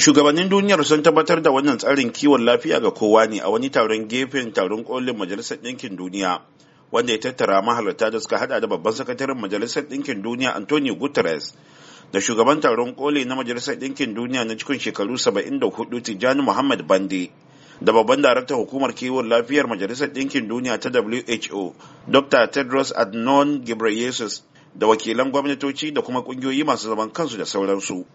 Shugabannin duniyar sun tabbatar da wannan tsarin kiwon lafiya ga kowa ne a wani taron gefen taron kolin Majalisar Ɗinkin Duniya wanda ya tattara mahalarta da suka hada da babban sakataren Majalisar Ɗinkin Duniya Antonio Guterres da shugaban taron koli na Majalisar Ɗinkin Duniya na cikin shekaru 74 Tijjani Muhammad Bande da babban daraktan hukumar kiwon lafiyar Majalisar Ɗinkin Duniya ta WHO Dr. Tedros adnon Ghebreyesus da wakilan gwamnatoci da kuma ƙungiyoyi masu zaman kansu da sauransu.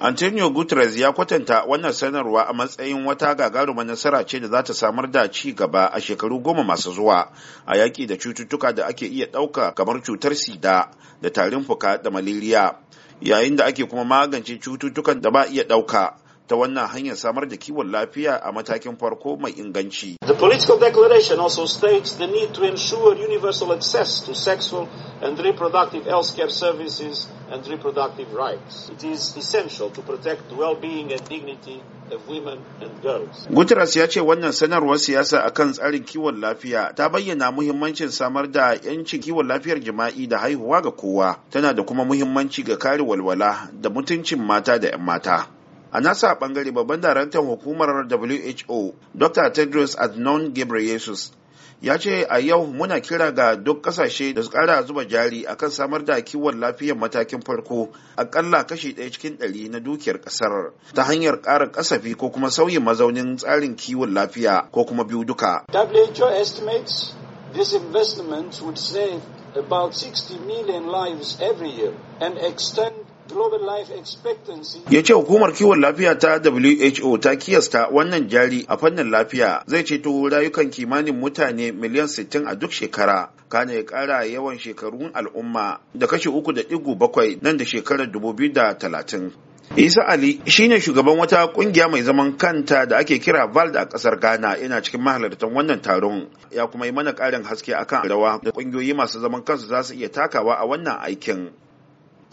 Antonio Guterres ya kwatanta wannan sanarwa a matsayin wata gagarumar nasara ce da za ta samar da ci gaba a shekaru goma masu zuwa a yaƙi da cututtuka da ake iya ɗauka kamar cutar sida da tarin fuka da maleriya yayin da ake kuma magance cututtukan da ba iya ɗauka ta wannan hanyar samar da kiwon lafiya a matakin farko mai inganci. The political declaration also states the need to ensure universal access to sexual and reproductive health care services and reproductive rights. It is essential to protect the well-being and dignity of women and girls. Guterres ya ce wannan sanarwar siyasa akan tsarin kiwon lafiya ta bayyana muhimmancin samar da 'yancin kiwon lafiyar jima'i da haihuwa ga kowa, tana da kuma muhimmanci ga kare walwala da mutuncin mata da 'yan mata. a nasa bangare babban daraktan hukumar who dr tedros adnon ghebreyesus ya ce a yau muna kira ga duk kasashe da su kara zuba jari akan samar da kiwon lafiyar matakin farko akalla kashi ɗaya cikin ɗari na dukiyar ƙasar ta hanyar ƙara kasafi ko kuma sauyin mazaunin tsarin kiwon lafiya ko kuma biyu duka. WHO estimates this investment would save about 60 million lives every year and extend ya ce hukumar kiwon lafiya ta who ta kiyasta wannan jari a fannin lafiya zai ceto rayukan kimanin mutane miliyan 60 a duk shekara kana ya kara yawan shekarun al'umma da kashe uku da digo bakwai nan da shekarar 2030 isa ali shine shugaban wata kungiya mai zaman kanta da ake kira vald a kasar ghana yana cikin mahalartan wannan taron ya kuma yi mana karin haske akan rawa da kungiyoyi masu zaman kansu za su iya takawa a wannan aikin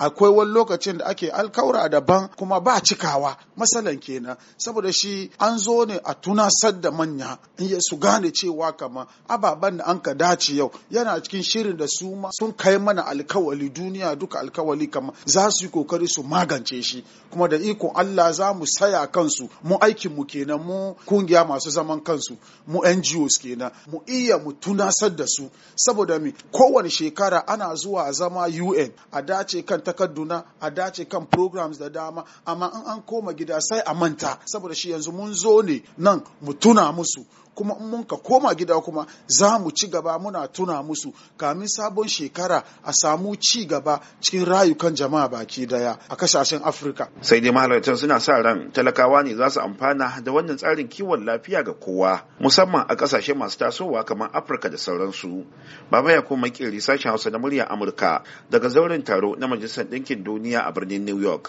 akwai wani lokacin da ake alkaura daban kuma ba cikawa masalan kenan saboda shi an zo ne a tunasar da manya ya su gane cewa kama ababen da an ka dace yau yana cikin shirin da su ma sun kai mana alkawali duniya duka alkawali kama za su yi kokari su magance shi kuma da ikon Allah za mu saya kansu mu aikin mu kenan mu kungiya masu zaman kansu mu NGOs kenan mu iya mu tunasar da su saboda mi kowane shekara ana zuwa zama UN a dace kan ta takarduna a dace kan programs da dama amma in an koma gida sai a manta saboda shi yanzu mun zo ne nan mu tuna musu kuma in mun ka koma gida kuma za mu ci gaba muna tuna musu kamin sabon shekara a samu ci gaba cikin rayukan jama'a baki daya a kasashen afirka sai dai mahalartan suna sa ran talakawa ne za su amfana da wannan tsarin kiwon lafiya ga kowa musamman a kasashe masu tasowa kamar afirka da sauransu baba ya kuma kiri sashen hausa na murya amurka daga zauren taro na majalisar majalisar ɗinkin duniya a birnin new york